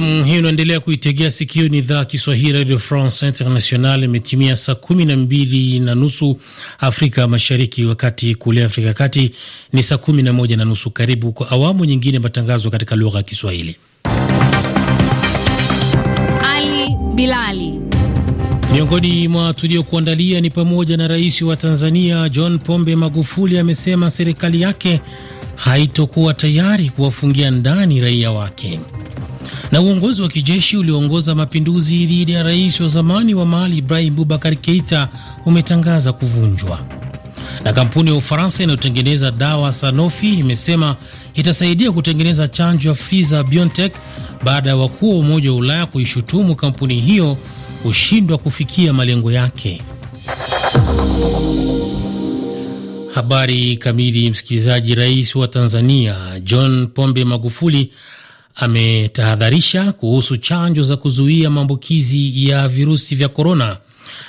Nam, hii unaendelea kuitegea sikio, ni idhaa Kiswahili Radio France International. Imetimia saa kumi na mbili na nusu Afrika Mashariki, wakati kule Afrika ya Kati ni saa kumi na moja na nusu. Karibu kwa awamu nyingine matangazo katika lugha ya Kiswahili. Ali Bilali miongoni mwa tuliokuandalia ni pamoja na rais wa Tanzania John Pombe Magufuli amesema serikali yake haitokuwa tayari kuwafungia ndani raia wake. Na uongozi wa kijeshi ulioongoza mapinduzi dhidi ya rais wa zamani wa Mali Ibrahim Boubacar Keita umetangaza kuvunjwa. Na kampuni ya Ufaransa inayotengeneza dawa Sanofi imesema itasaidia kutengeneza chanjo ya Pfizer BioNTech baada ya wakuu wa Umoja wa Ulaya kuishutumu kampuni hiyo kushindwa kufikia malengo yake. Habari kamili, msikilizaji. Rais wa Tanzania John Pombe Magufuli ametahadharisha kuhusu chanjo za kuzuia maambukizi ya virusi vya korona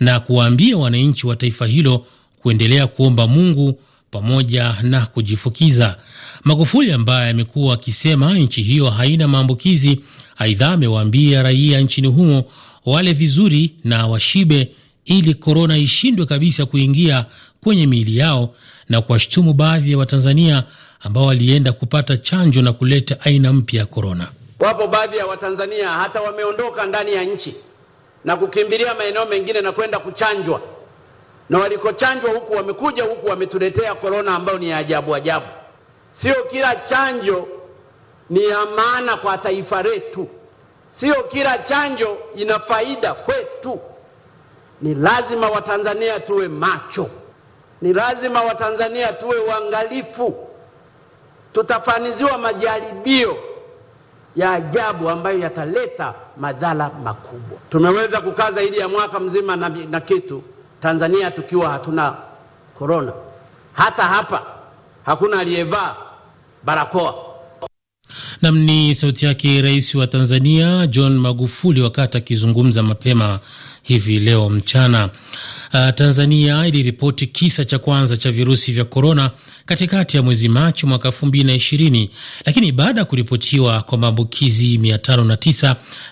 na kuwaambia wananchi wa taifa hilo kuendelea kuomba Mungu pamoja na kujifukiza. Magufuli ambaye amekuwa akisema nchi hiyo haina maambukizi, aidha amewaambia raia nchini humo wale vizuri na washibe ili korona ishindwe kabisa kuingia kwenye miili yao na kuwashtumu baadhi ya Watanzania ambao walienda kupata chanjo na kuleta aina mpya ya korona. Wapo baadhi ya Watanzania hata wameondoka ndani ya nchi na kukimbilia maeneo mengine na kwenda kuchanjwa, na walikochanjwa huku wamekuja huku wametuletea korona ambayo ni ya ajabu ajabu. Sio kila chanjo ni ya maana kwa taifa letu, sio kila chanjo ina faida kwetu. Ni lazima Watanzania tuwe macho, ni lazima Watanzania tuwe uangalifu tutafaniziwa majaribio ya ajabu ambayo yataleta madhara makubwa. Tumeweza kukaa zaidi ya mwaka mzima na, na kitu Tanzania tukiwa hatuna korona. Hata hapa hakuna aliyevaa barakoa. Nam ni sauti yake Rais wa Tanzania John Magufuli wakati akizungumza mapema hivi leo mchana. Uh, Tanzania iliripoti kisa cha kwanza cha virusi vya korona katikati ya mwezi Machi mwaka elfu mbili na ishirini, lakini baada ya kuripotiwa kwa maambukizi tano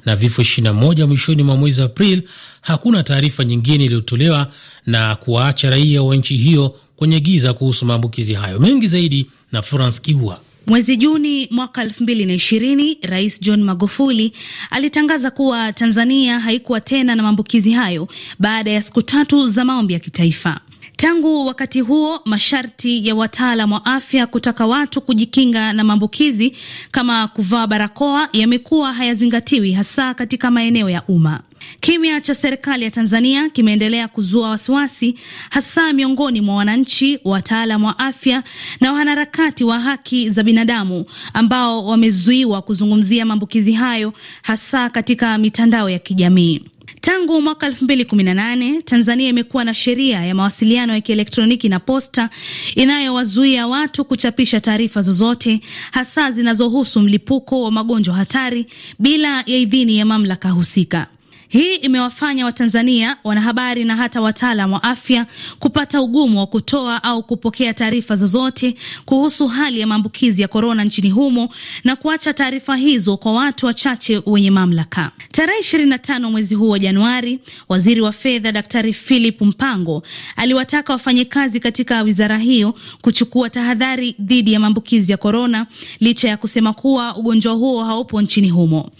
na vifo 21 mwishoni mwa mwezi Aprili, hakuna taarifa nyingine iliyotolewa na kuwaacha raia wa nchi hiyo kwenye giza kuhusu maambukizi hayo mengi zaidi na Franc Kiua. Mwezi Juni mwaka na ishirini Rais John Magufuli alitangaza kuwa Tanzania haikuwa tena na maambukizi hayo baada ya siku tatu za maombi ya kitaifa. Tangu wakati huo, masharti ya wataalam wa afya kutaka watu kujikinga na maambukizi kama kuvaa barakoa yamekuwa hayazingatiwi, hasa katika maeneo ya umma. Kimya cha serikali ya Tanzania kimeendelea kuzua wasiwasi, hasa miongoni mwa wananchi, wataalam wa afya na wanaharakati wa haki za binadamu ambao wamezuiwa kuzungumzia maambukizi hayo, hasa katika mitandao ya kijamii. Tangu mwaka 2018 Tanzania imekuwa na sheria ya mawasiliano ya kielektroniki na posta inayowazuia watu kuchapisha taarifa zozote, hasa zinazohusu mlipuko wa magonjwa hatari bila ya idhini ya mamlaka husika. Hii imewafanya Watanzania, wanahabari na hata wataalam wa afya kupata ugumu wa kutoa au kupokea taarifa zozote kuhusu hali ya maambukizi ya korona nchini humo na kuacha taarifa hizo kwa watu wachache wenye mamlaka. Tarehe 25 mwezi huu wa Januari, waziri wa fedha Daktari Philip Mpango aliwataka wafanyikazi katika wizara hiyo kuchukua tahadhari dhidi ya maambukizi ya korona licha ya kusema kuwa ugonjwa huo haupo nchini humo.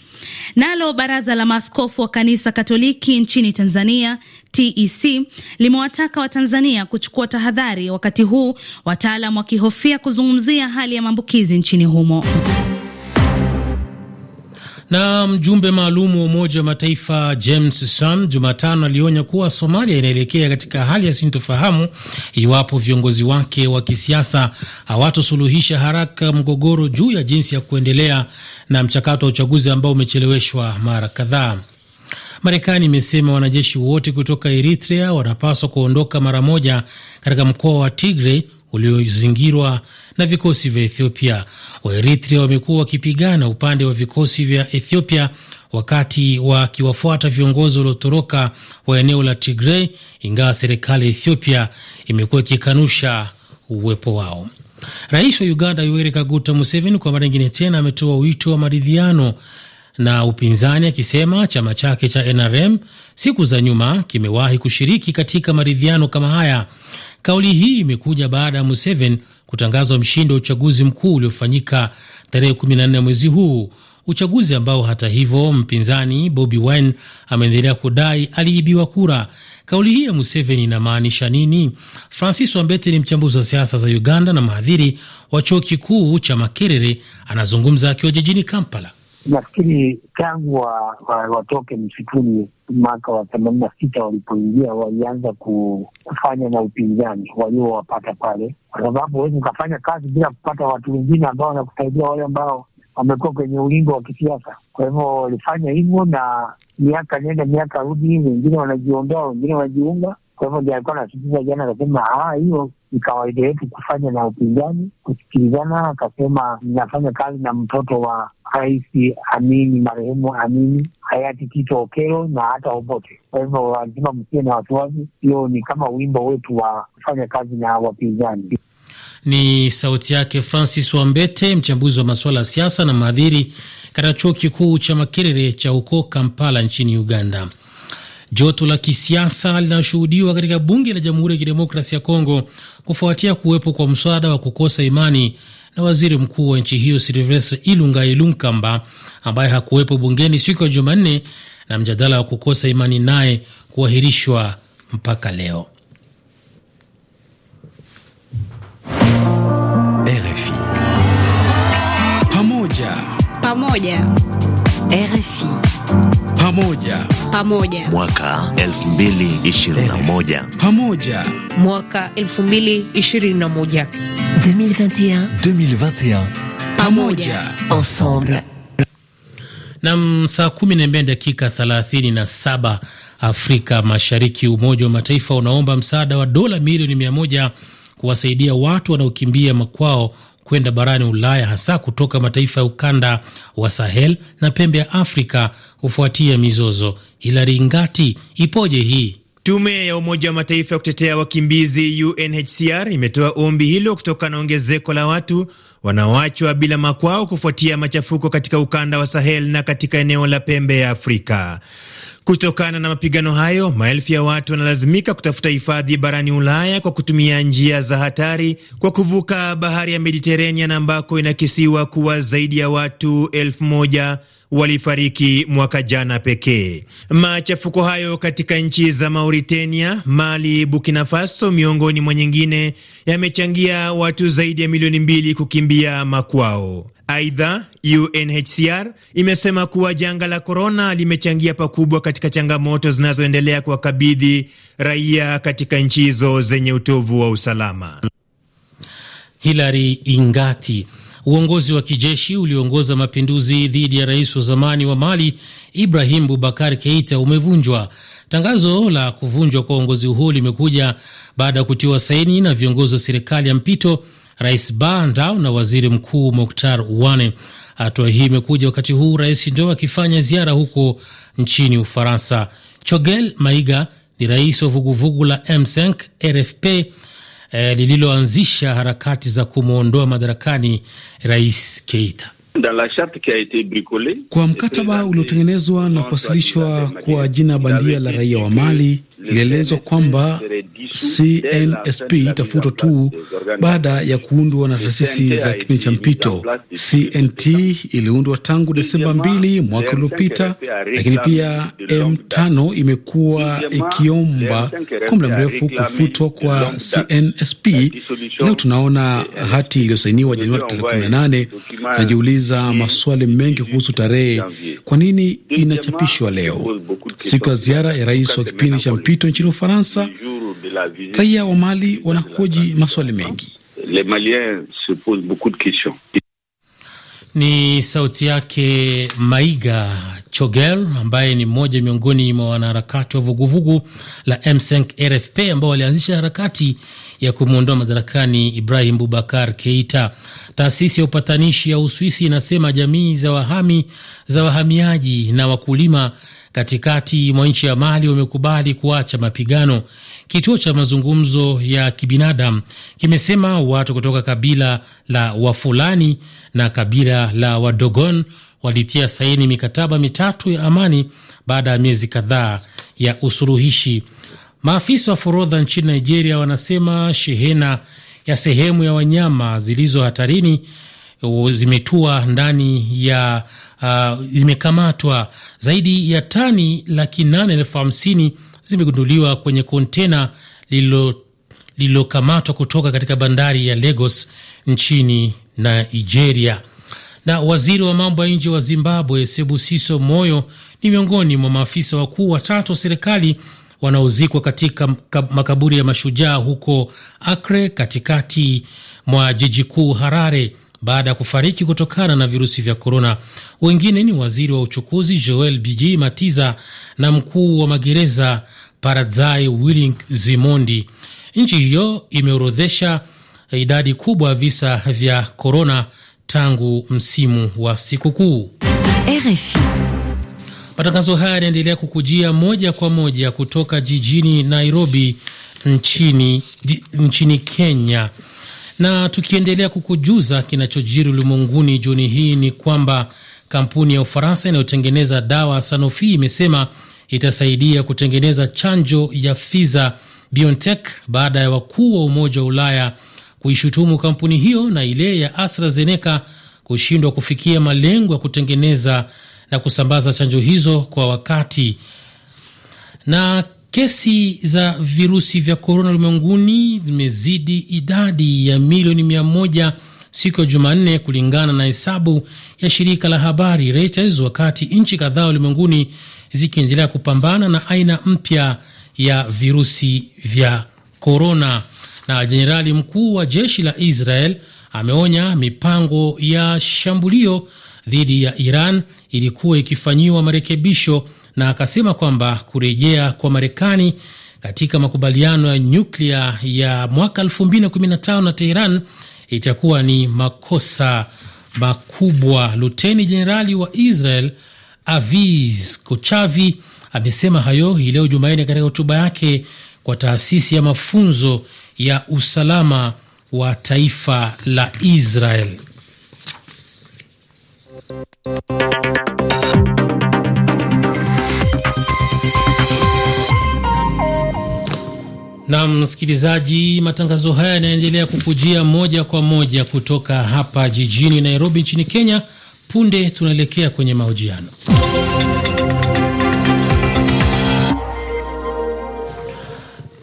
Nalo baraza la maaskofu wa kanisa Katoliki nchini Tanzania TEC limewataka Watanzania kuchukua tahadhari, wakati huu wataalam wakihofia kuzungumzia hali ya maambukizi nchini humo. Na mjumbe maalum wa Umoja wa Mataifa James Sam Jumatano alionya kuwa Somalia inaelekea katika hali ya sintofahamu iwapo viongozi wake wa kisiasa hawatosuluhisha haraka mgogoro juu ya jinsi ya kuendelea na mchakato wa uchaguzi ambao umecheleweshwa mara kadhaa. Marekani imesema wanajeshi wote kutoka Eritrea wanapaswa kuondoka mara moja katika mkoa wa Tigray uliozingirwa na vikosi vya Ethiopia. waeritria wamekuwa wakipigana upande wa vikosi vya Ethiopia wakati wakiwafuata viongozi waliotoroka wa eneo la tigrei ingawa serikali ya Ethiopia imekuwa ikikanusha uwepo wao. Rais wa Uganda Yoweri Kaguta Museveni kwa mara nyingine tena ametoa wito wa maridhiano na upinzani akisema chama chake cha NRM siku za nyuma kimewahi kushiriki katika maridhiano kama haya Kauli hii imekuja baada ya Museveni kutangazwa mshindi wa uchaguzi mkuu uliofanyika tarehe 14 mwezi huu, uchaguzi ambao hata hivyo mpinzani Bobi Wine ameendelea kudai aliibiwa kura. Kauli hii ya Museveni inamaanisha nini? Francis Wambete ni mchambuzi wa siasa za Uganda na mhadhiri wa chuo kikuu cha Makerere, anazungumza akiwa jijini Kampala nafikiri tangu wa, wa, watoke msituni mwaka wa themanini na sita walipoingia, walianza kufanya na upinzani waliowapata pale, kwa sababu huwezi ukafanya kazi bila kupata watu wengine ambao wanakusaidia, wale ambao wamekuwa kwenye ulingo wa kisiasa. Kwa hivyo walifanya hivyo, na miaka nenda miaka rudi, wengine wanajiondoa, wengine wanajiunga. Kwa hivyo ndio alikuwa anasitiza jana, akasema ah, hiyo ni kawaida yetu kufanya na upinzani kusikilizana. Akasema ninafanya kazi na mtoto wa Rais Amini, marehemu Amini, hayati Tito Okelo na hata Obote. Kwa hivyo lazima msie na wasiwasi, hiyo ni kama wimbo wetu wa kufanya kazi na wapinzani. Ni sauti yake Francis Wambete, mchambuzi wa masuala ya siasa na mhadhiri katika chuo kikuu cha Makerere cha huko Kampala nchini Uganda. Joto la kisiasa linashuhudiwa katika bunge la Jamhuri ya Kidemokrasi ya Kongo kufuatia kuwepo kwa mswada wa kukosa imani na waziri mkuu wa nchi hiyo Silvestre Ilunga Ilunkamba ambaye hakuwepo bungeni siku ya Jumanne na mjadala wa kukosa imani naye kuahirishwa mpaka leo. RFI pamoja pamoja. RFI pamoja. Pamoja. Mwaka 2021. Pamoja. Mwaka 2021. 2021. Pamoja. Ensemble. Nam, saa kumi na mbili dakika thelathini na saba Afrika Mashariki. Umoja wa Mataifa unaomba msaada wa dola milioni mia moja kuwasaidia watu wanaokimbia makwao kwenda barani Ulaya, hasa kutoka mataifa ya ukanda wa Sahel na pembe ya Afrika hufuatia mizozo. Hilari Ngati, ipoje hii? Tume ya Umoja wa Mataifa ya kutetea wakimbizi UNHCR imetoa ombi hilo kutokana na ongezeko la watu wanaoachwa bila makwao kufuatia machafuko katika ukanda wa Sahel na katika eneo la pembe ya Afrika. Kutokana na mapigano hayo, maelfu ya watu wanalazimika kutafuta hifadhi barani Ulaya kwa kutumia njia za hatari kwa kuvuka bahari ya Mediterranean ambako inakisiwa kuwa zaidi ya watu elfu moja walifariki mwaka jana pekee. Machafuko hayo katika nchi za Mauritania, Mali, Burkina Faso miongoni mwa nyingine yamechangia watu zaidi ya milioni mbili kukimbia makwao. Aidha, UNHCR imesema kuwa janga la korona limechangia pakubwa katika changamoto zinazoendelea kuwakabidhi raia katika nchi hizo zenye utovu wa usalama. Hilary Ingati. Uongozi wa kijeshi ulioongoza mapinduzi dhidi ya rais wa zamani wa Mali Ibrahim Bubakar Keita umevunjwa. Tangazo la kuvunjwa kwa uongozi huo limekuja baada ya kutiwa saini na viongozi wa serikali ya mpito Rais Ba na waziri mkuu Moktar wane Hatua hii imekuja wakati huu rais ndo akifanya ziara huko nchini Ufaransa. Chogel Maiga ni rais wa vuguvugu la M5 RFP eh, lililoanzisha harakati za kumwondoa madarakani rais Keita kwa mkataba uliotengenezwa na kuwasilishwa kwa jina bandia la raia wa Mali ilielezwa kwamba CNSP itafutwa tu baada ya kuundwa na taasisi za kipindi cha mpito. CNT iliundwa tangu Desemba mbili mwaka uliopita, lakini pia M5 imekuwa ikiomba kwa muda mrefu kufutwa kwa CNSP. Leo tunaona hati iliyosainiwa Januari 18 najiuliza kuuliza maswali mengi kuhusu tarehe, kwa nini inachapishwa leo, siku ya ziara ya rais wa kipindi cha mpito nchini Ufaransa? Raia wa Mali wanahoji maswali mengi. Ni sauti yake Maiga chogel ambaye ni mmoja miongoni mwa wanaharakati wa vuguvugu la M5 RFP ambao walianzisha harakati ya kumwondoa madarakani Ibrahim Bubakar Keita. Taasisi ya upatanishi ya Uswisi inasema jamii za wahami za wahamiaji na wakulima katikati mwa nchi ya Mali wamekubali kuacha mapigano. Kituo cha mazungumzo ya kibinadamu kimesema watu kutoka kabila la Wafulani na kabila la Wadogon walitia saini mikataba mitatu ya amani baada ya miezi kadhaa ya usuluhishi. Maafisa wa forodha nchini Nigeria wanasema shehena ya sehemu ya wanyama zilizo hatarini uh, zimetua ndani ya uh, zimekamatwa. Zaidi ya tani laki nane elfu hamsini zimegunduliwa kwenye kontena lililokamatwa kutoka katika bandari ya Lagos nchini Nigeria. Na waziri wa mambo ya nje wa Zimbabwe Sebusiso Moyo ni miongoni mwa maafisa wakuu watatu wa serikali wanaozikwa katika makaburi ya mashujaa huko Akre, katikati mwa jiji kuu Harare, baada ya kufariki kutokana na virusi vya korona. Wengine ni waziri wa uchukuzi Joel Biji Matiza na mkuu wa magereza Paradzai Willing Zimondi. Nchi hiyo imeorodhesha idadi kubwa ya visa vya korona tangu msimu wa sikukuu. matangazo haya yanaendelea kukujia moja kwa moja kutoka jijini Nairobi nchini, nchini Kenya. Na tukiendelea kukujuza kinachojiri ulimwenguni jioni hii ni kwamba kampuni ya Ufaransa inayotengeneza dawa Sanofi imesema itasaidia kutengeneza chanjo ya Pfizer BioNTech baada ya wakuu wa Umoja wa Ulaya kuishutumu kampuni hiyo na ile ya AstraZeneca kushindwa kufikia malengo ya kutengeneza na kusambaza chanjo hizo kwa wakati. Na kesi za virusi vya korona ulimwenguni zimezidi idadi ya milioni mia moja siku ya Jumanne, kulingana na hesabu ya shirika la habari Reuters, wakati nchi kadhaa ulimwenguni zikiendelea kupambana na aina mpya ya virusi vya korona na jenerali mkuu wa jeshi la Israel ameonya mipango ya shambulio dhidi ya Iran ilikuwa ikifanyiwa marekebisho na akasema kwamba kurejea kwa Marekani katika makubaliano ya nyuklia ya mwaka 2015 na Teheran itakuwa ni makosa makubwa. Luteni jenerali wa Israel Aviz Kochavi amesema hayo hii leo Jumanne katika hotuba yake kwa taasisi ya mafunzo ya usalama wa taifa la Israel. Na msikilizaji, matangazo haya yanaendelea kukujia moja kwa moja kutoka hapa jijini Nairobi nchini Kenya. Punde tunaelekea kwenye mahojiano.